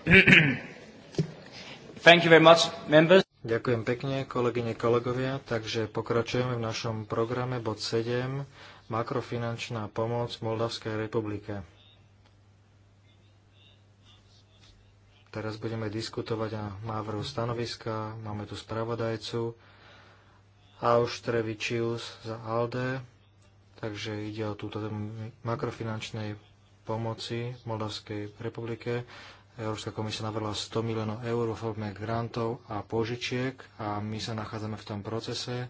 Thank you very much, members. Ďakujem pekne, kolegyne, kolegovia. Takže pokračujeme v našom programe bod 7. Makrofinančná pomoc Moldavskej republike. Teraz budeme diskutovať na návrhu stanoviska. Máme tu spravodajcu Auštrevičius za ALDE. Takže ide o túto makrofinančnej pomoci Moldavskej republike. Európska komisia navrhla 100 miliónov eur v forme grantov a požičiek a my sa nachádzame v tom procese,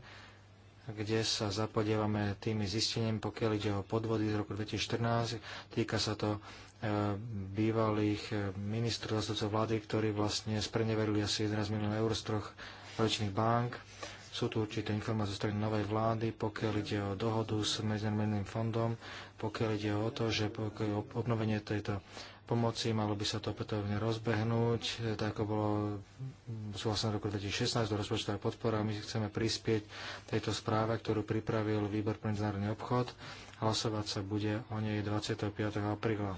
kde sa zapodievame tými zisteniami, pokiaľ ide o podvody z roku 2014. Týka sa to e, bývalých e, ministrov zastupcov vlády, ktorí vlastne spreneverili asi 11 miliónov eur z troch tradičných bank. Sú tu určité informácie zo strany novej vlády, pokiaľ ide o dohodu s Medzinárodným fondom, pokiaľ ide o to, že obnovenie tejto pomoci, malo by sa to opätovne rozbehnúť, e, tak ako bolo mm, súhlasené roku 2016 do rozpočtová podpora. My chceme prispieť tejto správe, ktorú pripravil Výbor pre medzinárodný obchod. Hlasovať sa bude o nej 25. apríla.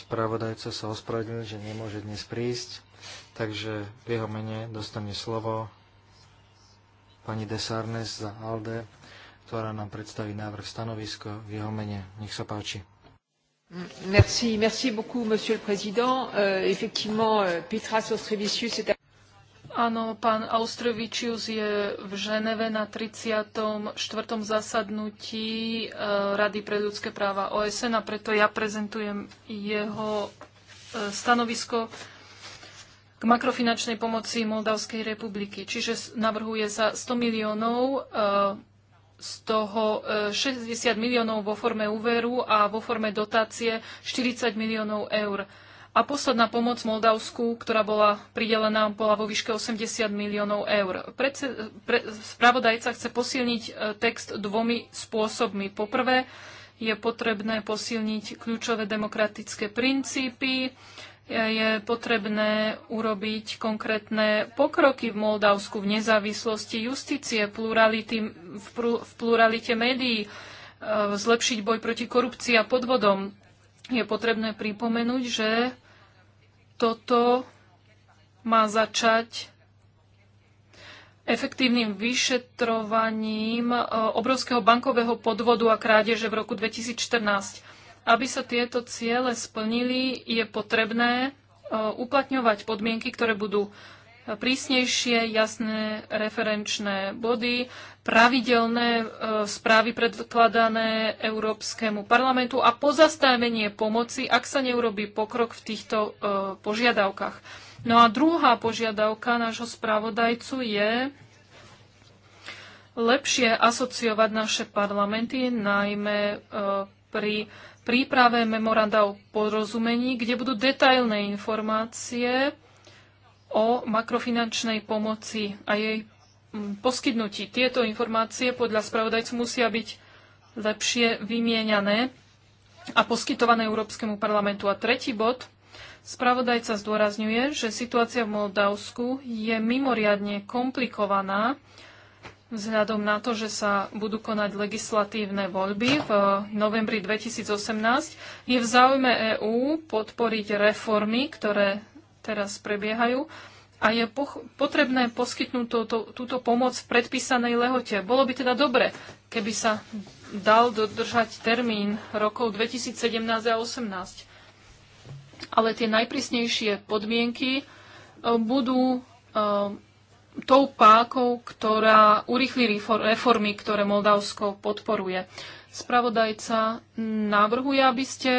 Spravodajca sa ospravedlnil, že nemôže dnes prísť, takže v jeho mene dostane slovo pani Desarnes za ALDE, ktorá nám predstaví návrh stanovisko v jeho mene. Nech sa páči monsieur le président. Euh, effectivement, euh, Petras est... Áno, pán auštrevičius je v Ženeve na 34. zasadnutí e, Rady pre ľudské práva OSN a preto ja prezentujem jeho e, stanovisko k makrofinančnej pomoci Moldavskej republiky. Čiže navrhuje sa 100 miliónov e, z toho 60 e, miliónov vo forme úveru a vo forme dotácie 40 miliónov eur. A posledná pomoc Moldavsku, ktorá bola pridelená, bola vo výške 80 miliónov eur. Predse, pre, spravodajca chce posilniť e, text dvomi spôsobmi. Poprvé, je potrebné posilniť kľúčové demokratické princípy, je potrebné urobiť konkrétne pokroky v Moldavsku v nezávislosti justície, plurality, v, pr- v pluralite médií, e, zlepšiť boj proti korupcii a podvodom. Je potrebné pripomenúť, že toto má začať efektívnym vyšetrovaním e, obrovského bankového podvodu a krádeže v roku 2014. Aby sa tieto ciele splnili, je potrebné e, uplatňovať podmienky, ktoré budú e, prísnejšie, jasné referenčné body, pravidelné e, správy predkladané Európskemu parlamentu a pozastavenie pomoci, ak sa neurobí pokrok v týchto požiadavkách. No a druhá požiadavka nášho správodajcu je lepšie asociovať naše parlamenty, najmä pri príprave memoranda o porozumení, kde budú detailné informácie o makrofinančnej pomoci a jej mm, poskytnutí. Tieto informácie podľa spravodajcu musia byť lepšie vymieňané a poskytované Európskemu parlamentu. A tretí bod, spravodajca zdôrazňuje, že situácia v Moldavsku je mimoriadne komplikovaná Vzhľadom na to, že sa budú konať legislatívne voľby v eh, novembri 2018, je v záujme EÚ podporiť reformy, ktoré teraz prebiehajú a je potrebné poskytnúť to, to, túto pomoc v predpísanej lehote. Bolo by teda dobre, keby sa dal dodržať termín rokov 2017 a 2018. Ale tie najprísnejšie podmienky eh, budú eh, tou pákou, ktorá urýchli reformy, ktoré Moldavsko podporuje. Spravodajca navrhuje, aby ste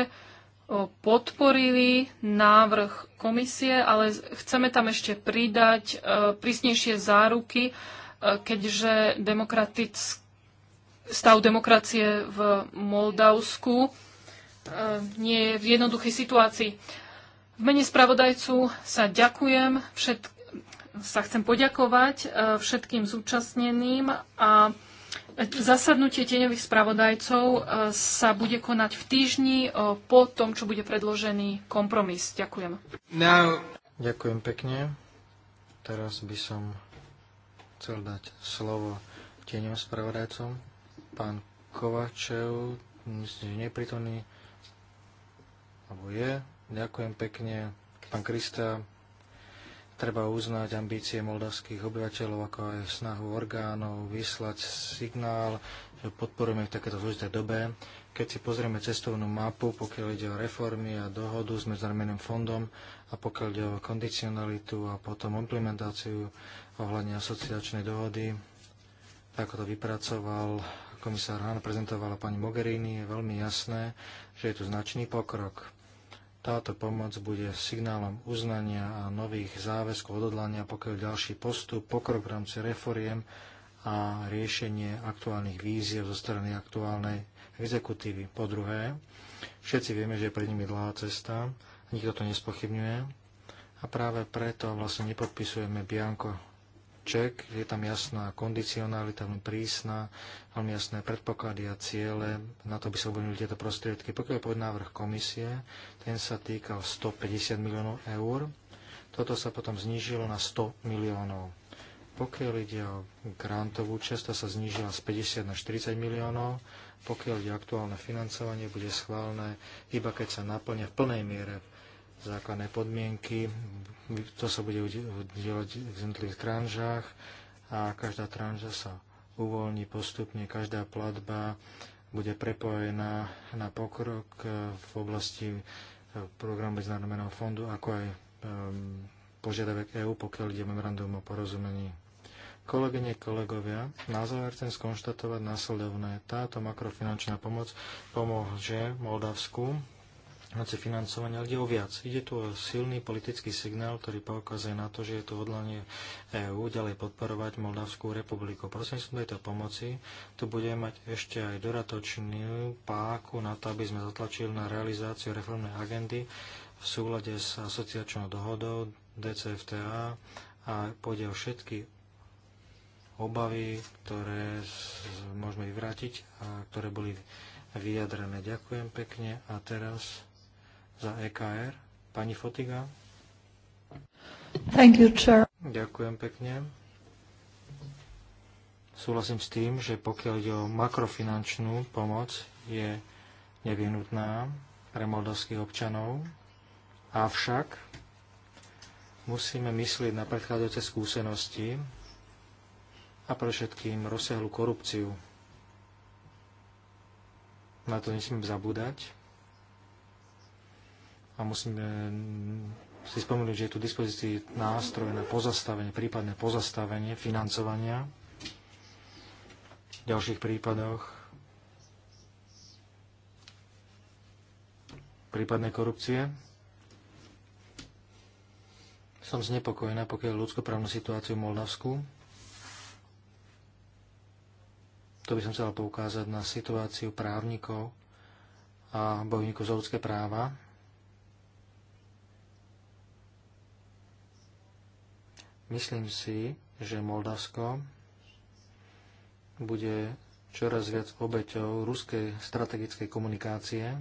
podporili návrh komisie, ale chceme tam ešte pridať e, prísnejšie záruky, e, keďže demokratický stav demokracie v Moldavsku e, nie je v jednoduchej situácii. V mene spravodajcu sa ďakujem všetkým sa chcem poďakovať e, všetkým zúčastneným a Zasadnutie tieňových spravodajcov e, sa bude konať v týždni e, po tom, čo bude predložený kompromis. Ďakujem. No. Ďakujem pekne. Teraz by som chcel dať slovo tieňovým spravodajcom. Pán Kovačev, myslím, že neprítomný, alebo je. Ďakujem pekne. Pán Krista, Treba uznať ambície moldavských obyvateľov, ako aj snahu orgánov vyslať signál, že podporujeme v takéto zložité dobe. Keď si pozrieme cestovnú mapu, pokiaľ ide o reformy a dohodu s Medzinárodným fondom a pokiaľ ide o kondicionalitu a potom implementáciu ohľadne asociačnej dohody, tak ako to vypracoval komisár Hahn, prezentovala pani Mogherini, je veľmi jasné, že je tu značný pokrok táto pomoc bude signálom uznania a nových záväzkov odhodlania, pokiaľ ďalší postup, pokrok v rámci reforiem a riešenie aktuálnych víziev zo strany aktuálnej exekutívy. Po druhé, všetci vieme, že je pred nimi dlhá cesta, nikto to nespochybňuje a práve preto vlastne nepodpisujeme Bianko ček, je tam jasná kondicionalita, veľmi prísna, veľmi jasné predpoklady a ciele, na to by sa obvinili tieto prostriedky. Pokiaľ je návrh komisie, ten sa týkal 150 miliónov eur, toto sa potom znížilo na 100 miliónov. Pokiaľ ide o grantovú časť, sa znížila z 50 na 40 miliónov. Pokiaľ ide aktuálne financovanie, bude schválne, iba keď sa naplňa v plnej miere základné podmienky, to sa bude udielať v jednotlivých tranžách a každá tranža sa uvoľní postupne, každá platba bude prepojená na pokrok v oblasti eh, programu Medzinárodného fondu, ako aj ehm, požiadavek EÚ, pokiaľ ide memorandum o porozumení. Kolegyne, kolegovia, na záver chcem skonštatovať následovné. Táto makrofinančná pomoc pomôže Moldavsku rámci financovania, ale ide o viac. Ide tu o silný politický signál, ktorý poukazuje na to, že je to odlanie EÚ ďalej podporovať Moldavskú republiku. Prosím som tejto pomoci, tu budeme mať ešte aj doratočnú páku na to, aby sme zatlačili na realizáciu reformnej agendy v súlade s asociačnou dohodou DCFTA a pôjde o všetky obavy, ktoré môžeme vyvrátiť a ktoré boli vyjadrené. Ďakujem pekne a teraz za EKR. Pani Fotiga. Thank you, chair. Ďakujem pekne. Súhlasím s tým, že pokiaľ ide o makrofinančnú pomoc, je nevyhnutná pre moldovských občanov. Avšak musíme myslieť na predchádzajúce skúsenosti a pre všetkým rozsiahlu korupciu. Na to nesmím zabúdať a musíme si spomenúť, že je tu dispozícii nástroj na pozastavenie, prípadné pozastavenie financovania v ďalších prípadoch, prípadné korupcie. Som znepokojená, pokiaľ ľudskoprávnu situáciu v Moldavsku. To by som chcela poukázať na situáciu právnikov a bojovníkov za ľudské práva Myslím si, že Moldavsko bude čoraz viac obeťou ruskej strategickej komunikácie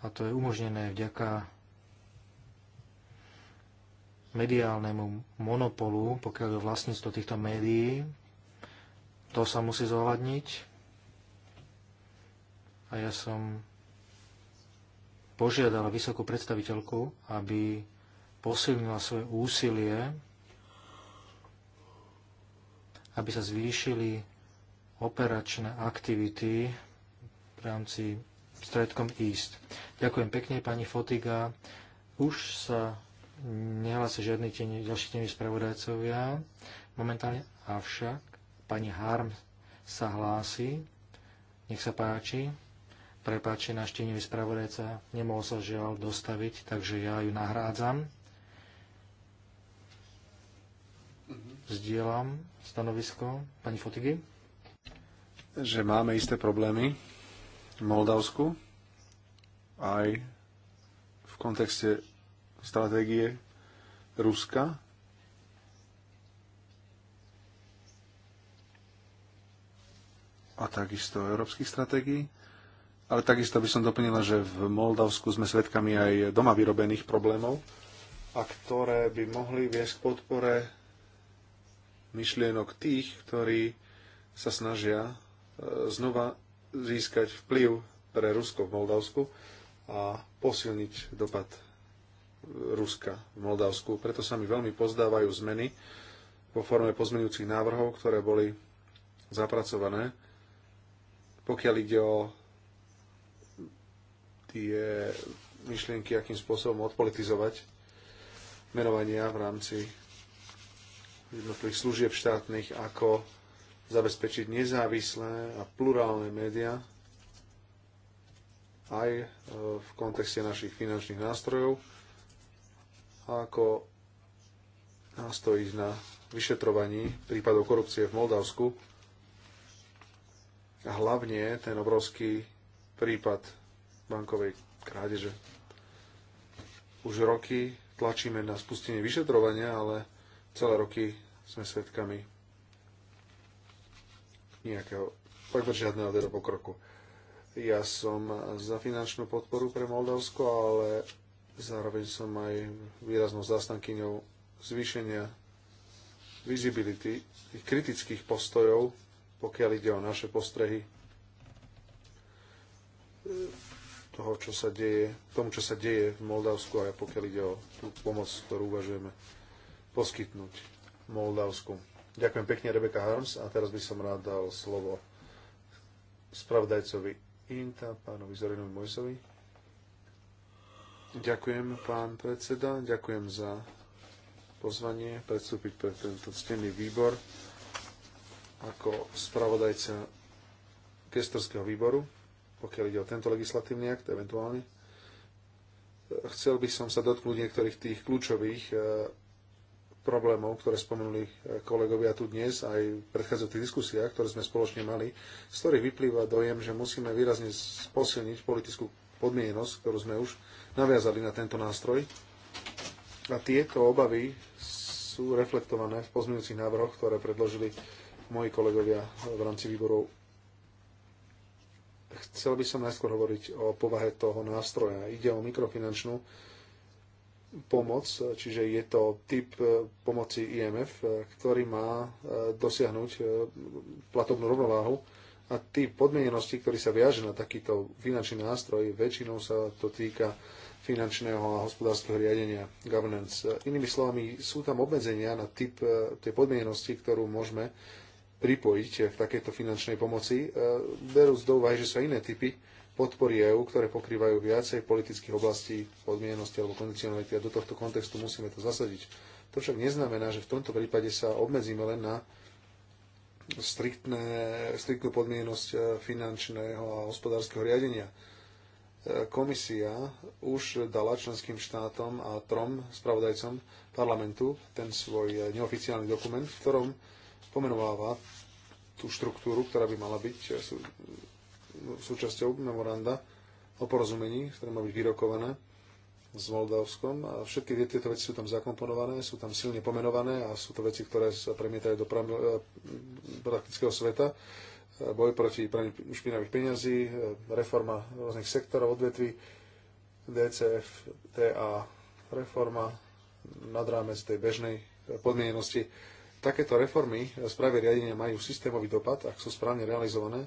a to je umožnené vďaka mediálnemu monopolu, pokiaľ je vlastníctvo týchto médií. To sa musí zohľadniť. A ja som požiadala vysokú predstaviteľku, aby posilnila svoje úsilie, aby sa zvýšili operačné aktivity v rámci stredkom East. Ďakujem pekne, pani Fotiga. Už sa nehlási žiadny tieň, ďalší tieň spravodajcovia. Momentálne avšak pani Harm sa hlási. Nech sa páči prepáči, na štínivý spravodajca nemohol sa žiaľ dostaviť, takže ja ju nahrádzam. Zdieľam stanovisko pani Fotigy. Že máme isté problémy v Moldavsku aj v kontexte stratégie Ruska, a takisto európskych stratégií. Ale takisto by som doplnila, že v Moldavsku sme svedkami aj doma vyrobených problémov, a ktoré by mohli viesť k podpore myšlienok tých, ktorí sa snažia e, znova získať vplyv pre Rusko v Moldavsku a posilniť dopad Ruska v Moldavsku. Preto sa mi veľmi pozdávajú zmeny vo forme pozmenujúcich návrhov, ktoré boli zapracované, pokiaľ ide o tie myšlienky, akým spôsobom odpolitizovať menovania v rámci jednotlivých služieb štátnych, ako zabezpečiť nezávislé a plurálne médiá aj e, v kontexte našich finančných nástrojov, ako nastojiť na vyšetrovaní prípadov korupcie v Moldavsku a hlavne ten obrovský prípad bankovej krádeže. Už roky tlačíme na spustenie vyšetrovania, ale celé roky sme svedkami nejakého takmer žiadneho teda pokroku. Ja som za finančnú podporu pre Moldavsko, ale zároveň som aj výraznou zástankyňou zvýšenia visibility, tých kritických postojov, pokiaľ ide o naše postrehy toho, čo sa deje, tomu, čo sa deje v Moldavsku aj pokiaľ ide o tú pomoc, ktorú uvažujeme poskytnúť Moldavsku. Ďakujem pekne Rebeka Harms a teraz by som rád dal slovo spravodajcovi Inta, pánovi Zorinovi Mojsovi. Ďakujem, pán predseda, ďakujem za pozvanie predstúpiť pre tento ctený výbor ako spravodajca gestorského výboru pokiaľ ide o tento legislatívny akt eventuálne. Chcel by som sa dotknúť niektorých tých kľúčových e, problémov, ktoré spomenuli e, kolegovia tu dnes aj v predchádzajúcich diskusiách, ktoré sme spoločne mali, z ktorých vyplýva dojem, že musíme výrazne posilniť politickú podmienenosť, ktorú sme už naviazali na tento nástroj. A tieto obavy sú reflektované v pozmeňujúcich návrhoch, ktoré predložili moji kolegovia v rámci výborov Chcel by som najskôr hovoriť o povahe toho nástroja. Ide o mikrofinančnú pomoc, čiže je to typ e, pomoci IMF, e, ktorý má e, dosiahnuť platobnú rovnováhu a tí podmienenosti, ktorý sa viaže na takýto finančný nástroj, väčšinou sa to týka finančného a hospodárskeho riadenia, governance. Inými slovami, sú tam obmedzenia na typ tej podmienenosti, ktorú môžeme pripojiť v takejto finančnej pomoci, e, berúc do úvahy, že sú iné typy podpory EÚ, ktoré pokrývajú viacej politických oblastí, podmienenosti alebo kondicionality a do tohto kontextu musíme to zasadiť. To však neznamená, že v tomto prípade sa obmedzíme len na striktné, striktnú podmienenosť e, finančného a hospodárskeho riadenia. E, komisia už dala členským štátom a trom spravodajcom parlamentu ten svoj neoficiálny dokument, v ktorom pomenováva tú štruktúru, ktorá by mala byť eh, eh, súčasťou memoranda o porozumení, ktoré má byť vyrokované s Moldavskom. A všetky tieto veci sú tam zakomponované, sú tam silne pomenované a sú to veci, ktoré sa premietajú do eh, praktického sveta. Boj proti praní špinavých peňazí, reforma rôznych sektorov, odvetví, DCF, TA, reforma nad rámec tej bežnej podmienenosti Takéto reformy správy riadenia majú systémový dopad, ak sú správne realizované,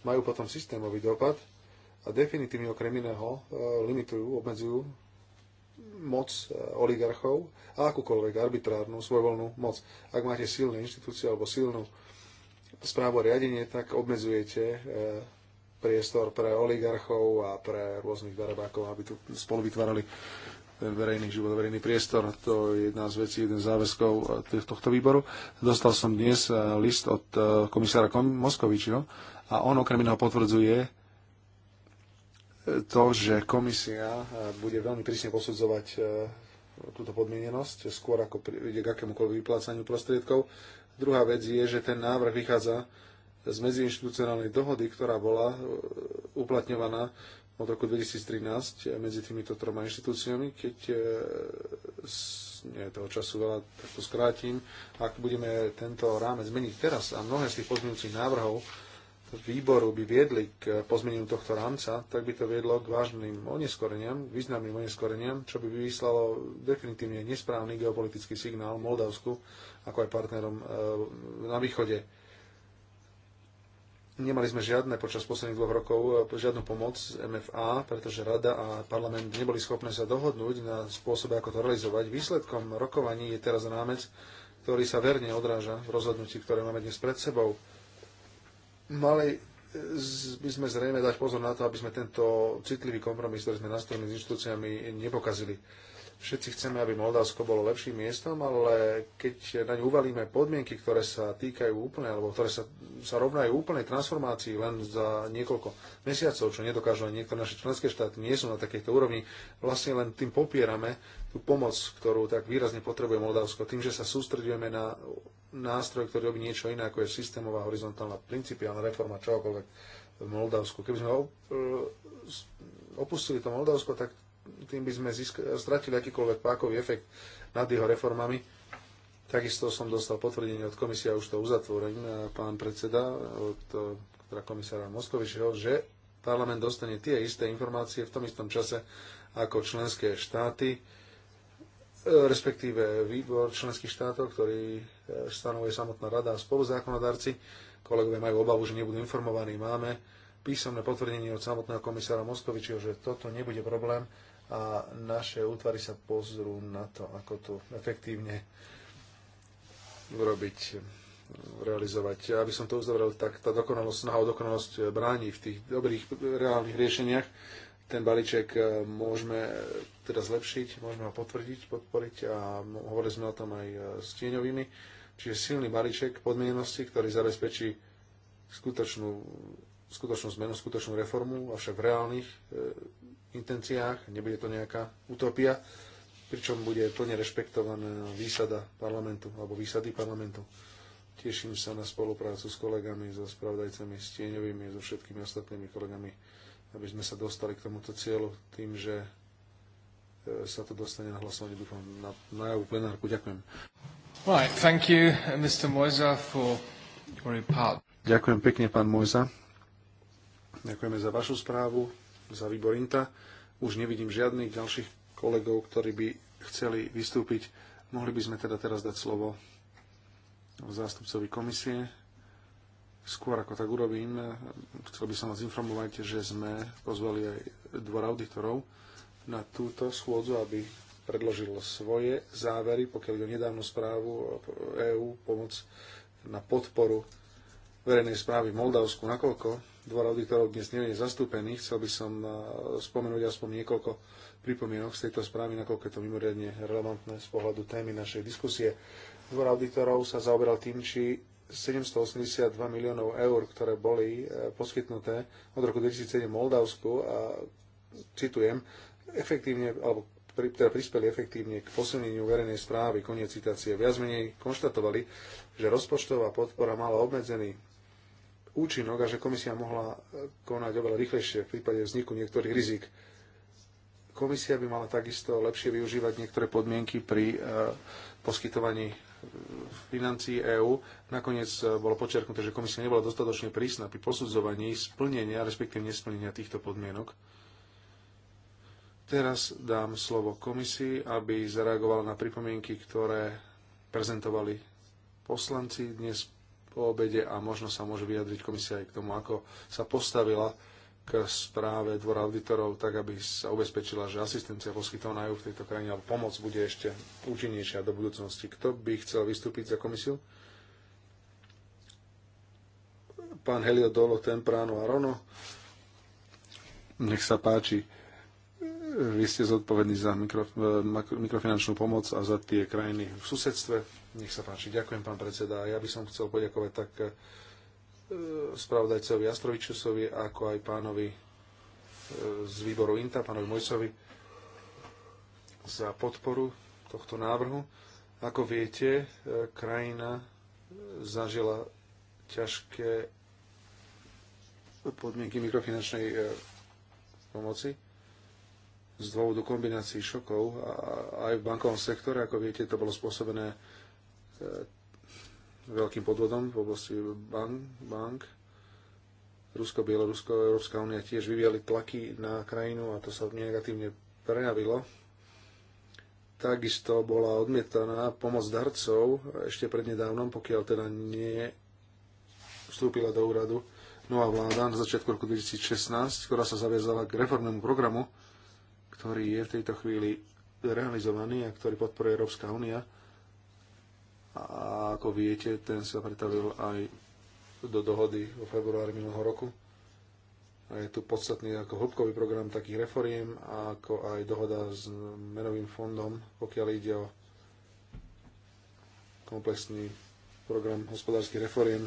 majú potom systémový dopad a definitívne okrem iného e, limitujú, obmedzujú moc e, oligarchov a akúkoľvek arbitrárnu, svojvoľnú moc. Ak máte silné inštitúcie alebo silnú správu riadenie, tak obmedzujete e, priestor pre oligarchov a pre rôznych darebákov, aby tu spolu vytvárali ten verejný život, verejný priestor. To je jedna z vecí, jeden z záväzkov eh, tohto výboru. Dostal som dnes eh, list od eh, komisára Moskovičiho a on okrem iného potvrdzuje to, že komisia bude veľmi prísne posudzovať túto podmienenosť, skôr ako príde k akémukoľvek vyplácaniu prostriedkov. Druhá vec je, že ten návrh vychádza z medziinstitucionálnej dohody, ktorá bola uplatňovaná od roku 2013 medzi týmito troma inštitúciami. Keď e, nie je toho času veľa, tak to skrátim. Ak budeme tento rámec meniť teraz a mnohé z tých pozmeňujúcich návrhov výboru by viedli k pozmeneniu tohto rámca, tak by to viedlo k vážnym oneskoreniam, významným oneskoreniam, čo by vyslalo definitívne nesprávny geopolitický signál Moldavsku, ako aj partnerom e, na východe Nemali sme žiadne počas posledných dvoch rokov e, žiadnu pomoc MFA, pretože Rada a parlament neboli schopné sa dohodnúť na spôsobe, ako to realizovať. Výsledkom rokovaní je teraz rámec, ktorý sa verne odráža v rozhodnutí, ktoré máme dnes pred sebou. Mali e, by sme zrejme dať pozor na to, aby sme tento citlivý kompromis, ktorý sme nastavili s inštitúciami, nepokazili. Všetci chceme, aby Moldavsko bolo lepším miestom, ale keď na ňu uvalíme podmienky, ktoré sa týkajú úplne, alebo ktoré sa, sa rovnajú úplnej transformácii len za niekoľko mesiacov, čo nedokážu ani niektoré naše členské štáty, nie sú na takejto úrovni, vlastne len tým popierame tú pomoc, ktorú tak výrazne potrebuje Moldavsko, tým, že sa sústredujeme na nástroj, ktorý robí niečo iné, ako je systémová, horizontálna, principiálna reforma, čokoľvek v Moldavsku. Keby sme e, opustili to Moldavsko, tak tým by sme získ- stratili akýkoľvek pákový efekt nad jeho reformami. Takisto som dostal potvrdenie od komisia, už to uzatvorím, pán predseda, od e, teda komisára Moskovičeho, že parlament dostane tie isté informácie v tom istom čase ako členské štáty, e, respektíve výbor členských štátov, ktorý e, stanovuje samotná rada a spoluzákonodarci. Kolegovia majú obavu, že nebudú informovaní. Máme písomné potvrdenie od samotného komisára Moskovičiho, že toto nebude problém a naše útvary sa pozrú na to, ako to efektívne urobiť, realizovať. Aby som to uzavrel, tak tá dokonalosť, snaha o dokonalosť bráni v tých dobrých, reálnych riešeniach. Ten balíček e, môžeme teda zlepšiť, môžeme ho potvrdiť, podporiť a hovorili sme o tom aj e, s tieňovými. Čiže silný balíček podmienosti, ktorý zabezpečí skutočnú skutočnú zmenu, skutočnú reformu, avšak v reálnych e, intenciách, nebude to nejaká utopia, pričom bude plne rešpektovaná výsada parlamentu, alebo výsady parlamentu. Teším sa na spoluprácu s kolegami, so spravodajcami, s tieňovými, so všetkými ostatnými kolegami, aby sme sa dostali k tomuto cieľu tým, že e, sa to dostane na hlasovanie, dúfam, na, na plenárku. Ďakujem. Right, thank you, uh, Mr. for your part. Ďakujem pekne, pán Mojza, Ďakujeme za vašu správu, za výbor INTA. Už nevidím žiadnych ďalších kolegov, ktorí by chceli vystúpiť. Mohli by sme teda teraz dať slovo zástupcovi komisie. Skôr ako tak urobím, chcel by som vás informovať, že sme pozvali aj dvor auditorov na túto schôdzu, aby predložil svoje závery, pokiaľ ide o nedávnu správu EÚ pomoc na podporu verejnej správy v Moldavsku, nakoľko dvor auditorov dnes nie je zastúpený, chcel by som eh, spomenúť aspoň niekoľko pripomienok z tejto správy, nakoľko je to mimoriadne relevantné z pohľadu témy našej diskusie. Dvor auditorov sa zaoberal tým, či 782 miliónov eur, ktoré boli eh, poskytnuté od roku 2007 Moldavsku a citujem, efektívne, alebo teda prispeli efektívne k posilneniu verejnej správy, koniec citácie, viac menej konštatovali, že rozpočtová podpora mala obmedzený účinok a že komisia mohla e, konať oveľa rýchlejšie v prípade vzniku niektorých rizik. Komisia by mala takisto lepšie využívať niektoré podmienky pri e, poskytovaní e, financií EÚ. Nakoniec bolo počiarknuté, že komisia nebola dostatočne prísna pri posudzovaní splnenia, respektíve nesplnenia týchto podmienok. Teraz dám slovo komisii, aby zareagovala na pripomienky, ktoré prezentovali poslanci dnes po obede a možno sa môže vyjadriť komisia aj k tomu, ako sa postavila k správe dvora auditorov, tak aby sa ubezpečila, že asistencia poskytovaná ju v tejto krajine alebo pomoc bude ešte účinnejšia do budúcnosti. Kto by chcel vystúpiť za komisiu? Pán Helio Dolo, Temprano a Rono. Nech sa páči. Vy ste zodpovední za mikro, eh, mikrofinančnú pomoc a za tie krajiny v susedstve. Nech sa páči. Ďakujem, pán predseda. Ja by som chcel poďakovať tak eh, spravodajcovi Astrovičusovi, ako aj pánovi eh, z výboru INTA, pánovi Mojcovi, za podporu tohto návrhu. Ako viete, krajina zažila ťažké podmienky mikrofinančnej pomoci z dôvodu kombinácií šokov a aj v bankovom sektore, ako viete, to bolo spôsobené e, veľkým podvodom v oblasti bank. bank. Rusko, Bielorusko, Európska únia tiež vyvíjali tlaky na krajinu a to sa negatívne prejavilo. Takisto bola odmietaná pomoc darcov ešte prednedávnom, pokiaľ teda nie vstúpila do úradu nová vláda na začiatku roku 2016, ktorá sa zaviazala k reformnému programu, ktorý je v tejto chvíli realizovaný a ktorý podporuje Európska únia. A ako viete, ten sa pretavil aj do dohody vo februári minulého roku. A je tu podstatný ako hĺbkový program takých reforiem, ako aj dohoda s menovým fondom, pokiaľ ide o komplexný program hospodárskych reforiem.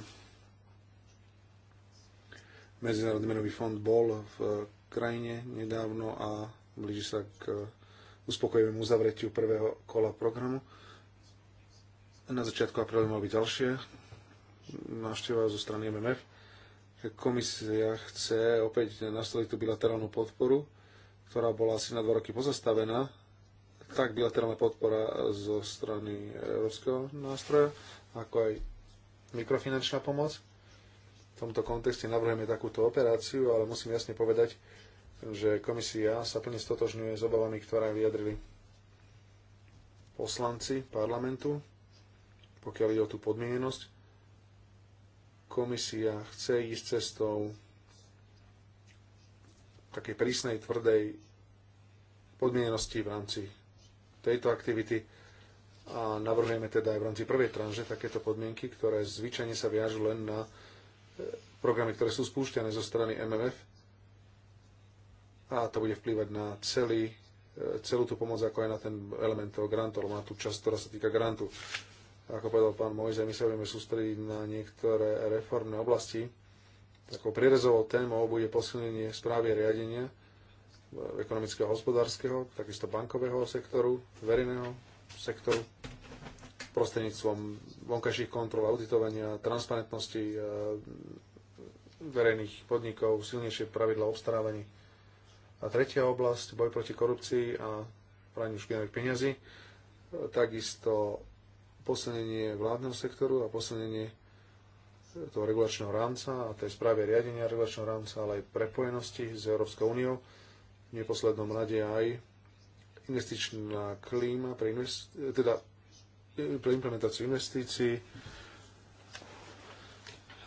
Medzinárodný menový fond bol v krajine nedávno a blíži sa k eh, uspokojivému uzavretiu prvého kola programu. Na začiatku apríla mal byť ďalšie návšteva zo strany MMF. Komisia chce opäť nastaviť tú bilaterálnu podporu, ktorá bola asi na dva roky pozastavená. Tak bilaterálna podpora zo strany Európskeho nástroja, ako aj mikrofinančná pomoc. V tomto kontexte navrhujeme takúto operáciu, ale musím jasne povedať, že komisia sa plne stotožňuje s obavami, ktoré vyjadrili poslanci parlamentu, pokiaľ ide o tú podmienenosť. Komisia chce ísť cestou takej prísnej, tvrdej podmienenosti v rámci tejto aktivity a navrhujeme teda aj v rámci prvej tranže takéto podmienky, ktoré zvyčajne sa viažu len na eh, programy, ktoré sú spúšťané zo strany MMF a to bude vplývať na celý, e, celú tú pomoc, ako aj na ten element toho grantu, alebo na tú časť, ktorá sa týka grantu. Ako povedal pán Mojzaj, my sa budeme sústrediť na niektoré reformné oblasti. Takou prierezovou témou bude posilnenie správy riadenia e, ekonomického, hospodárskeho, takisto bankového sektoru, verejného sektoru, prostredníctvom vonkajších kontrol, auditovania, transparentnosti e, verejných podnikov, silnejšie pravidla obstarávania a tretia oblasť, boj proti korupcii a praniu špinavých peňazí, takisto posilnenie vládneho sektoru a posilnenie toho regulačného rámca a tej správy riadenia regulačného rámca, ale aj prepojenosti s Európskou úniou, v neposlednom rade aj investičná klíma pre, investi- teda pre implementáciu investícií,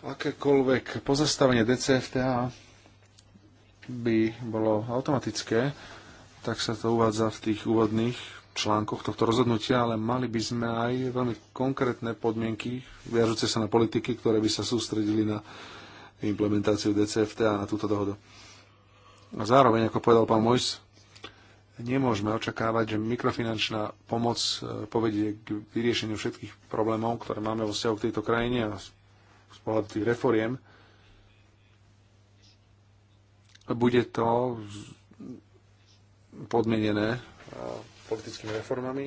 akékoľvek pozastavenie DCFTA by bolo automatické, tak sa to uvádza v tých úvodných článkoch tohto rozhodnutia, ale mali by sme aj veľmi konkrétne podmienky viažúce sa na politiky, ktoré by sa sústredili na implementáciu DCFT a na túto dohodu. A zároveň, ako povedal pán Mojs, nemôžeme očakávať, že mikrofinančná pomoc e, povedie k vyriešeniu všetkých problémov, ktoré máme vo vzťahu k tejto krajine a z pohľadu tých reforiem, bude to podmenené e, politickými reformami.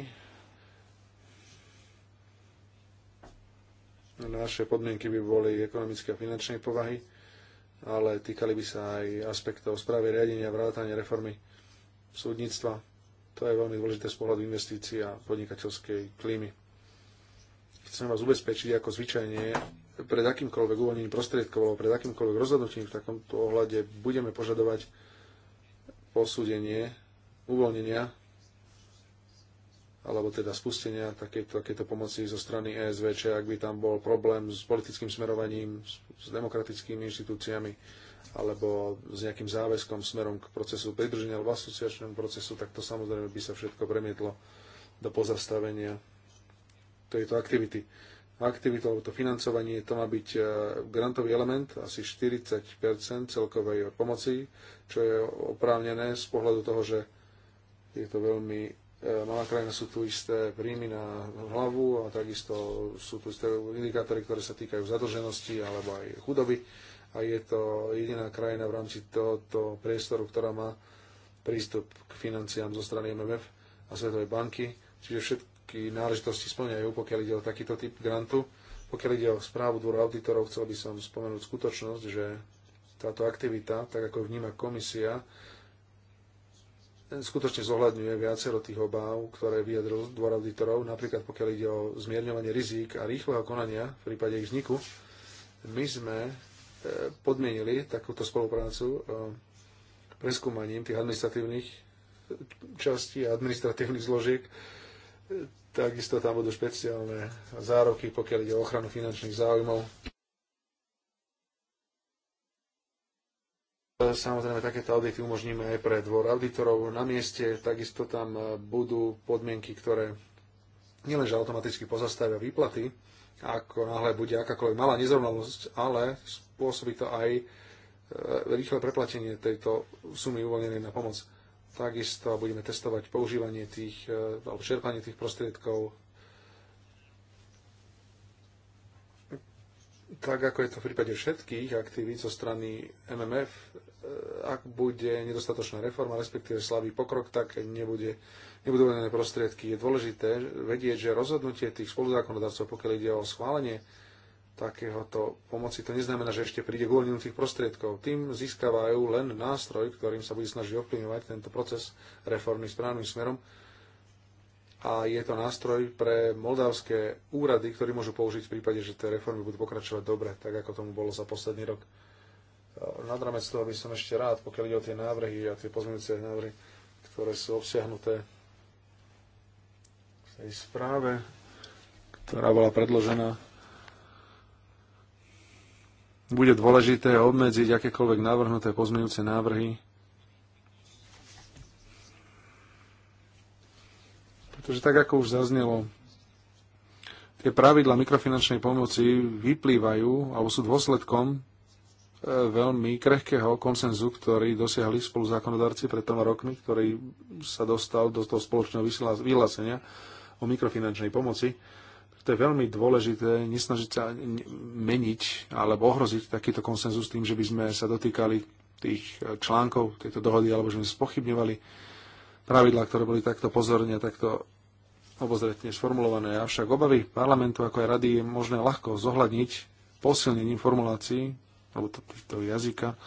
Naše podmienky by boli ekonomické a finančnej povahy, ale týkali by sa aj aspektov správy riadenia, vrátania reformy súdnictva. To je veľmi dôležité z pohľadu investícií a podnikateľskej klímy. Chcem vás ubezpečiť, ako zvyčajne pred akýmkoľvek uvoľnením prostriedkov alebo pred akýmkoľvek rozhodnutím v takomto ohľade budeme požadovať posúdenie uvoľnenia alebo teda spustenia takéto, takéto pomoci zo strany ESVČ, ak by tam bol problém s politickým smerovaním, s, s demokratickými inštitúciami alebo s nejakým záväzkom smerom k procesu pridruženia alebo asociačnému procesu, tak to samozrejme by sa všetko premietlo do pozastavenia tejto aktivity aktivitu alebo to financovanie, to má byť e, grantový element, asi 40 celkovej pomoci, čo je oprávnené z pohľadu toho, že je to veľmi e, malá krajina, sú tu isté príjmy na hlavu a takisto sú tu isté indikátory, ktoré sa týkajú zadlženosti alebo aj chudoby. A je to jediná krajina v rámci tohoto priestoru, ktorá má prístup k financiám zo strany MMF a Svetovej banky. Čiže všetko všetky náležitosti splňajú, pokiaľ ide o takýto typ grantu. Pokiaľ ide o správu dvoru auditorov, chcel by som spomenúť skutočnosť, že táto aktivita, tak ako vníma komisia, skutočne zohľadňuje viacero tých obáv, ktoré vyjadril dvor auditorov, napríklad pokiaľ ide o zmierňovanie rizík a rýchleho konania v prípade ich vzniku. My sme e, podmienili takúto spoluprácu e, preskúmaním tých administratívnych e, častí a administratívnych zložiek Takisto tam budú špeciálne zároky, pokiaľ ide o ochranu finančných záujmov. Samozrejme, takéto audity umožníme aj pre dvor auditorov na mieste. Takisto tam budú podmienky, ktoré nielenže automaticky pozastavia výplaty, ako náhle bude akákoľvek malá nezrovnalosť, ale spôsobí to aj e, rýchle preplatenie tejto sumy uvoľnenej na pomoc. Takisto budeme testovať používanie tých, e, alebo čerpanie tých prostriedkov tak ako je to v prípade všetkých aktivít zo strany MMF, e, ak bude nedostatočná reforma, respektíve slabý pokrok, tak nebude, nebudú vedené prostriedky. Je dôležité vedieť, že rozhodnutie tých spoluzákonodárcov, pokiaľ ide o schválenie takéhoto pomoci, to neznamená, že ešte príde k uvoľneniu tých prostriedkov. Tým získava len nástroj, ktorým sa bude snažiť ovplyvňovať tento proces reformy správnym smerom. A je to nástroj pre moldavské úrady, ktorý môžu použiť v prípade, že tie reformy budú pokračovať dobre, tak ako tomu bolo za posledný rok. Nad rámec toho by som ešte rád, pokiaľ ide o tie návrhy a tie pozmeňujúce návrhy, ktoré sú obsiahnuté v tej správe, ktorá bola predložená bude dôležité obmedziť akékoľvek navrhnuté pozmeňujúce návrhy, pretože tak, ako už zaznelo, tie pravidla mikrofinančnej pomoci vyplývajú alebo sú dôsledkom e, veľmi krehkého konsenzu, ktorý dosiahli zákonodarci pred troma rokmi, ktorý sa dostal do toho spoločného vyhlásenia o mikrofinančnej pomoci to je veľmi dôležité nesnažiť sa meniť alebo ohroziť takýto konsenzus tým, že by sme sa dotýkali tých e, článkov tejto dohody alebo že sme spochybňovali pravidlá, ktoré boli takto pozorne, takto obozretne sformulované. Avšak obavy parlamentu ako aj rady je možné ľahko zohľadniť posilnením formulácií alebo týchto jazyka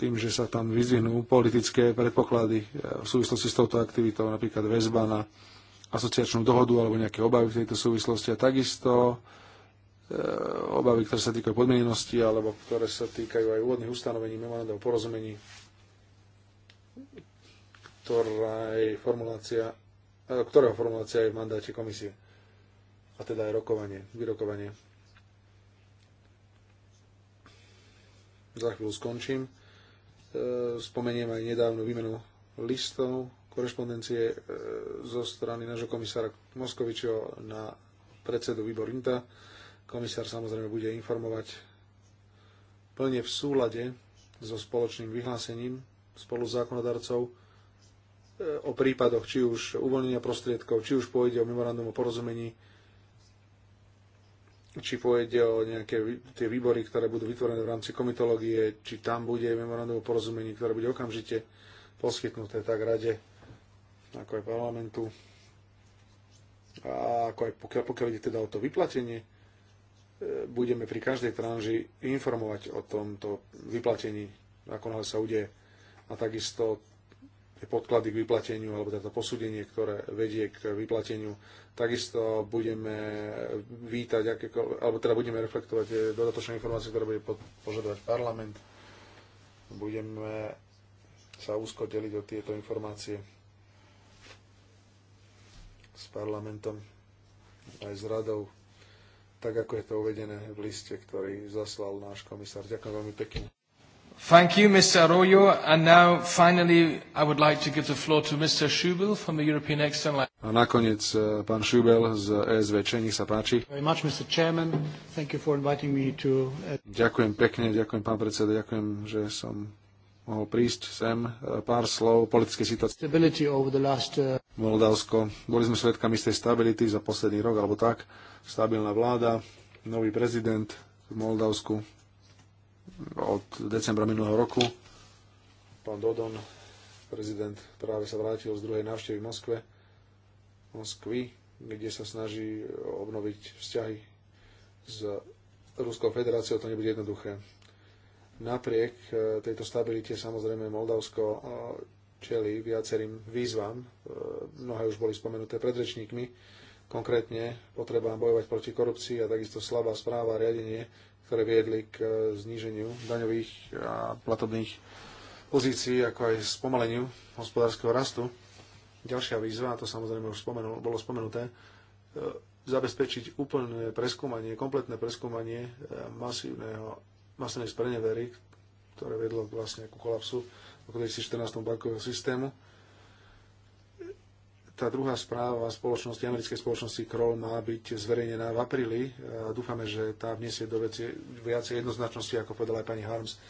tým, že sa tam vyzvihnú politické predpoklady e, v súvislosti s touto aktivitou, napríklad väzba na asociačnú dohodu alebo nejaké obavy v tejto súvislosti a takisto e, obavy, ktoré sa týkajú podmienenosti alebo ktoré sa týkajú aj úvodných ustanovení memoranda o porozumení, ktorá je formulácia, e, ktorého formulácia je v mandáte komisie a teda aj rokovanie, vyrokovanie. Za chvíľu skončím. E, spomeniem aj nedávnu výmenu listov korešpondencie e, zo strany nášho komisára Moskovičo na predsedu výboru INTA. Komisár samozrejme bude informovať plne v súlade so spoločným vyhlásením spolu s zákonodarcov e, o prípadoch či už uvoľnenia prostriedkov, či už pôjde o memorandum o porozumení, či pôjde o nejaké tie výbory, ktoré budú vytvorené v rámci komitológie, či tam bude memorandum o porozumení, ktoré bude okamžite poskytnuté tak rade ako aj parlamentu. A ako aj pokiaľ, pokiaľ ide teda o to vyplatenie, e, budeme pri každej tranži informovať o tomto vyplatení, ako náhle sa udeje. A takisto tie podklady k vyplateniu, alebo teda to posúdenie, ktoré vedie k vyplateniu, takisto budeme vítať, alebo teda budeme reflektovať e, dodatočné informácie, ktoré bude požadovať parlament. Budeme sa úzko deliť o tieto informácie s parlamentom aj s radou, tak ako je to uvedené v liste, ktorý zaslal náš komisár. Ďakujem veľmi pekne. Thank you, Mr. Arroyo. And now, finally, I would like to give the floor to Mr. Schubel from the European External... A nakoniec eh, pán Schubel z ESV nech sa páči. Very much, Mr. Chairman. Thank you for inviting me to... Eh, ďakujem pekne, ďakujem pán predseda, ďakujem, že som mohol prísť sem e, pár slov politickej situácie. E, Moldavsko. Boli sme svedkami z tej stability za posledný rok, alebo tak. Stabilná vláda, nový prezident v Moldavsku od decembra minulého roku. Pán Dodon, prezident, práve sa vrátil z druhej návštevy v Moskve, Moskvy, kde sa snaží obnoviť vzťahy s Ruskou federáciou. To nebude jednoduché Napriek e, tejto stabilite samozrejme Moldavsko e, čeli viacerým výzvam. E, mnohé už boli spomenuté predrečníkmi. Konkrétne potreba bojovať proti korupcii a takisto slabá správa a riadenie, ktoré viedli k zníženiu daňových a platobných pozícií, ako aj spomaleniu hospodárskeho rastu. Ďalšia výzva, a to samozrejme už spomenul, bolo spomenuté, zabezpečiť úplné preskúmanie, kompletné preskúmanie masívneho masovej sprenevery, ktoré vedlo vlastne ku kolapsu v 2014 bankového systému. Tá druhá správa spoločnosti, americkej spoločnosti Kroll má byť zverejnená v apríli a dúfame, že tá vniesie do veci viacej jednoznačnosti, ako povedala aj pani Harms,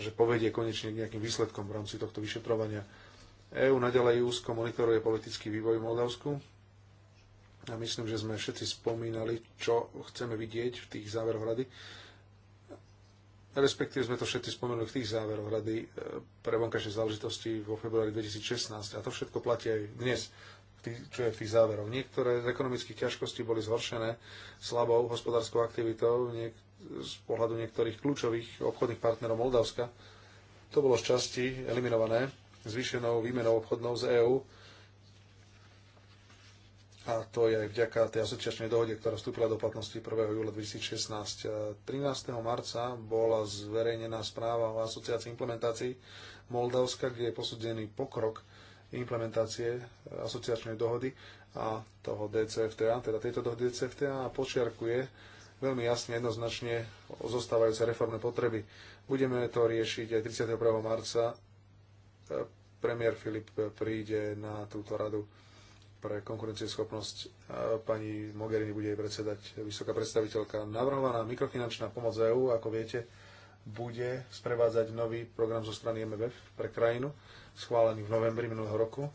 že povedie konečne k nejakým výsledkom v rámci tohto vyšetrovania. EÚ nadalej úzko monitoruje politický vývoj v Moldavsku a myslím, že sme všetci spomínali, čo chceme vidieť v tých záveroch rady respektíve sme to všetci spomenuli v tých záveroch Rady e, pre vonkajšie záležitosti vo februári 2016 a to všetko platí aj dnes, čo je v tých záveroch. Niektoré z ekonomických ťažkostí boli zhoršené slabou hospodárskou aktivitou niek- z pohľadu niektorých kľúčových obchodných partnerov Moldavska. To bolo z časti eliminované zvýšenou výmenou obchodnou z EÚ a to je aj vďaka tej asociačnej dohode, ktorá vstúpila do platnosti 1. júla 2016. 13. marca bola zverejnená správa o asociácii implementácií Moldavska, kde je posúdený pokrok implementácie e, asociačnej dohody a toho DCFTA, teda tejto dohody DCFTA a počiarkuje veľmi jasne, jednoznačne zostávajúce reformné potreby. Budeme to riešiť aj 31. marca. E, premiér Filip e, príde na túto radu pre konkurencieschopnosť. Pani Mogherini bude jej predsedať vysoká predstaviteľka. Navrhovaná mikrofinančná pomoc EÚ, ako viete, bude sprevádzať nový program zo strany MMF pre krajinu, schválený v novembri minulého roku.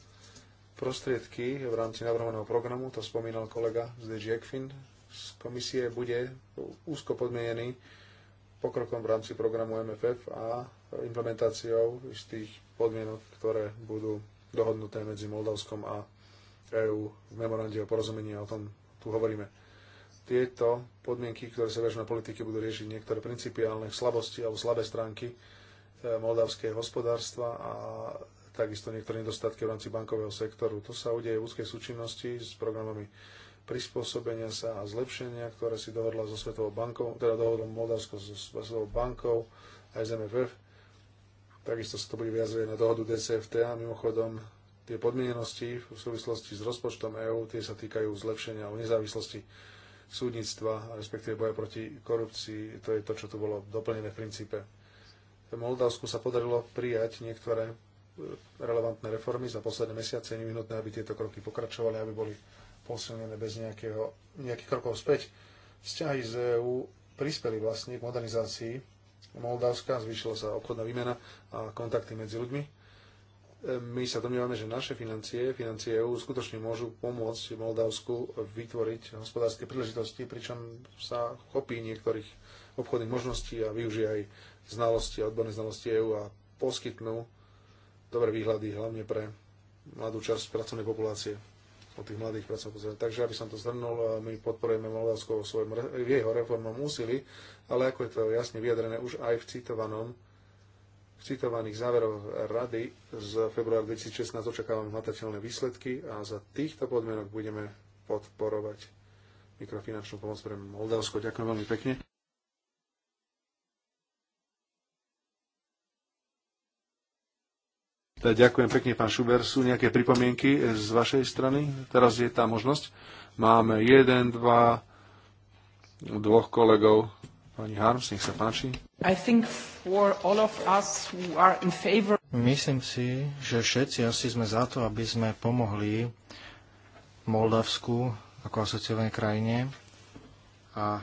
Prostriedky v rámci navrhovaného programu, to spomínal kolega z DG Ekfin, z komisie bude úzko podmienený pokrokom v rámci programu MFF a implementáciou istých podmienok, ktoré budú dohodnuté medzi Moldavskom a EÚ v memorande o porozumení o tom tu hovoríme. Tieto podmienky, ktoré sa viažú na politiky, budú riešiť niektoré principiálne slabosti alebo slabé stránky eh, moldavského hospodárstva a takisto niektoré nedostatky v rámci bankového sektoru. To sa udeje v úzkej súčinnosti s programami prispôsobenia sa a zlepšenia, ktoré si dohodla so Svetovou bankou, teda dohodlo Moldavsko so Svetovou bankou a SMFF. Takisto sa to bude viazať na dohodu DCFTA. Mimochodom, tie podmienenosti v súvislosti s rozpočtom EÚ, tie sa týkajú zlepšenia o nezávislosti súdnictva, respektíve boja proti korupcii. To je to, čo tu bolo doplnené v princípe. V Moldavsku sa podarilo prijať niektoré e, relevantné reformy za posledné mesiace. Je nevyhnutné, aby tieto kroky pokračovali, aby boli posilnené bez nejakého, nejakých krokov späť. Vzťahy z EÚ prispeli vlastne k modernizácii Moldavska, zvýšila sa obchodná výmena a kontakty medzi ľuďmi my sa domnievame, že naše financie, financie EU skutočne môžu pomôcť Moldavsku vytvoriť hospodárske príležitosti, pričom sa chopí niektorých obchodných možností a využije aj znalosti, odborné znalosti EU a poskytnú dobré výhľady, hlavne pre mladú časť pracovnej populácie, od tých mladých pracovných Takže, aby som to zhrnul, my podporujeme Moldavsko vo svojom, v jeho reformnom úsilí, ale ako je to jasne vyjadrené už aj v citovanom citovaných záverov rady z februára 2016 očakávame hmatateľné výsledky a za týchto podmienok budeme podporovať mikrofinančnú pomoc pre Moldavsko. Ďakujem veľmi pekne. Ďakujem pekne, pán Šuber. Sú nejaké pripomienky z vašej strany? Teraz je tá možnosť. Máme jeden, dva, dvoch kolegov. Pani Harms, nech sa páči. I think for all of us who are in favor... Myslím si, že všetci asi sme za to, aby sme pomohli Moldavsku ako asociovanej krajine. A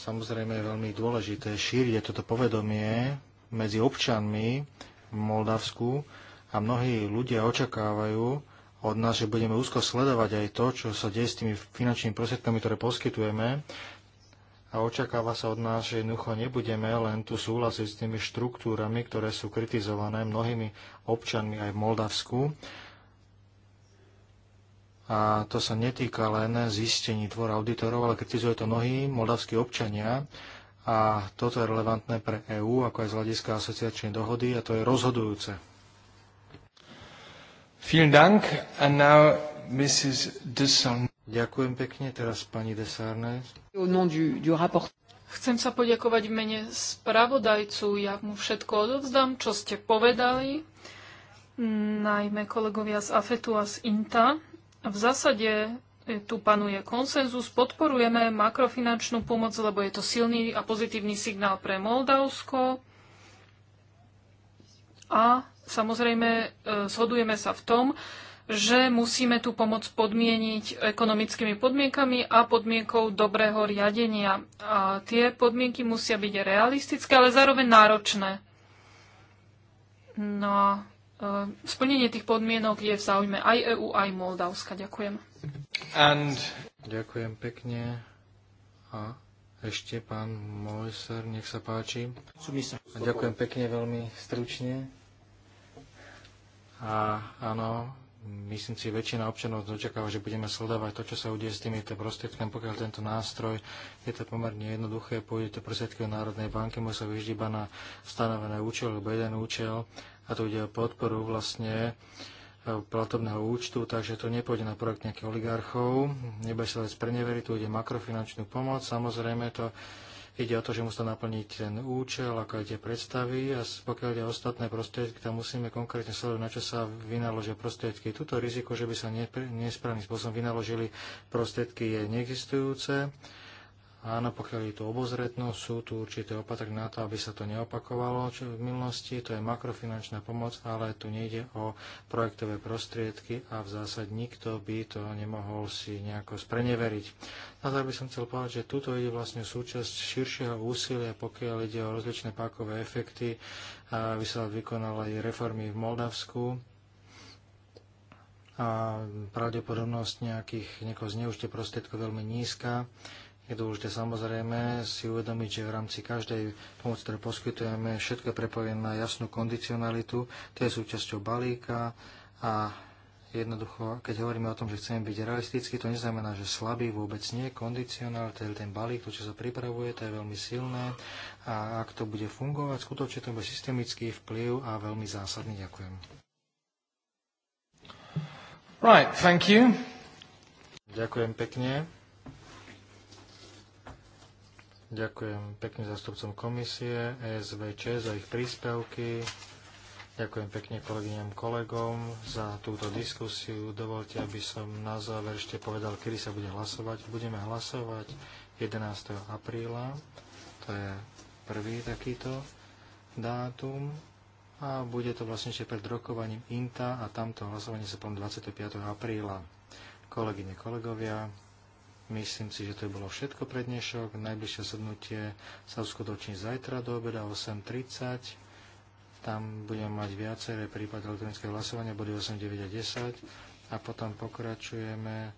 samozrejme je veľmi dôležité šíriť toto povedomie medzi občanmi v Moldavsku a mnohí ľudia očakávajú od nás, že budeme úzko sledovať aj to, čo sa deje s tými finančnými prostriedkami, ktoré poskytujeme a očakáva sa od nás, že jednoducho nebudeme len tu súhlasiť s tými štruktúrami, ktoré sú kritizované mnohými občanmi aj v Moldavsku. A to sa netýka len zistení tvor auditorov, ale kritizuje to mnohí moldavskí občania. A toto je relevantné pre EÚ, ako aj z hľadiska asociačnej dohody, a to je rozhodujúce. Vielen Dank. And now Ďakujem pekne, teraz pani Desarnes. Chcem sa poďakovať v mene spravodajcu, ja mu všetko odovzdám, čo ste povedali, najmä kolegovia z AFETu a z INTA. V zásade e, tu panuje konsenzus, podporujeme makrofinančnú pomoc, lebo je to silný a pozitívny signál pre Moldavsko. A samozrejme, e, zhodujeme sa v tom, že musíme tú pomoc podmieniť ekonomickými podmienkami a podmienkou dobrého riadenia. A tie podmienky musia byť realistické, ale zároveň náročné. No a e, splnenie tých podmienok je v záujme aj EÚ, aj Moldavska. Ďakujem. And... Ďakujem pekne. A ešte pán Mojser, nech sa páči. A ďakujem pekne veľmi stručne. A áno, myslím si, väčšina občanov očakáva, že budeme sledovať to, čo sa udie s týmito prostriedkami, pokiaľ tento nástroj je to pomerne jednoduché, pôjde to prostriedky Národnej banky, musí vyžiť iba na stanovené účel, alebo jeden účel, a to ide o podporu vlastne e, platobného účtu, takže to nepôjde na projekt nejakých oligarchov, nebude sa vec preneveriť, tu ide makrofinančnú pomoc, samozrejme to Ide o to, že musíme naplniť ten účel, ako aj tie predstavy a pokiaľ ide o ostatné prostriedky, tam musíme konkrétne sledovať, na čo sa vynaložia prostriedky. Tuto riziko, že by sa nesprávnym spôsobom vynaložili prostriedky, je neexistujúce Áno, pokiaľ je tu obozretnosť, sú tu určité opatrenia na to, aby sa to neopakovalo čo v minulosti. To je makrofinančná pomoc, ale tu nejde o projektové prostriedky a v zásade nikto by to nemohol si nejako spreneveriť. Na záver by som chcel povedať, že tuto ide vlastne súčasť širšieho úsilia, pokiaľ ide o rozličné pákové efekty, aby sa vykonala aj reformy v Moldavsku a pravdepodobnosť nejakých, nejakého zneužite prostriedkov veľmi nízka je dôležité samozrejme si uvedomiť, že v rámci každej pomoci, ktorú poskytujeme, všetko je prepojené na jasnú kondicionalitu, to je súčasťou balíka a jednoducho, keď hovoríme o tom, že chceme byť realistickí, to neznamená, že slabý vôbec nie, kondicionál, je ten balík, to, čo sa pripravuje, to je veľmi silné a ak to bude fungovať, skutočne to bude systemický vplyv a veľmi zásadný. Ďakujem. Right, thank you. Ďakujem pekne. Ďakujem pekne zastupcom komisie, SVČ za ich príspevky. Ďakujem pekne kolegyňam kolegom za túto diskusiu. Dovolte, aby som na záver ešte povedal, kedy sa bude hlasovať. Budeme hlasovať 11. apríla. To je prvý takýto dátum. A bude to vlastne ešte pred rokovaním INTA a tamto hlasovanie sa poviem 25. apríla. Kolegyne, kolegovia, Myslím si, že to je bolo všetko pre dnešok. Najbližšie sednutie sa uskutoční zajtra do obeda 8.30. Tam budem mať viaceré prípady elektronického hlasovania, body 8, 9 a 10. A potom pokračujeme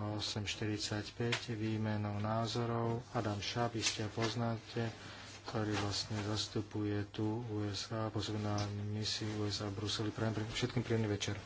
o 8.45 výmenou názorov. Adam Šáp, iste poznáte, ktorý vlastne zastupuje tu USA, pôsobí na misii USA v Bruseli. Prajem všetkým príjemný večer.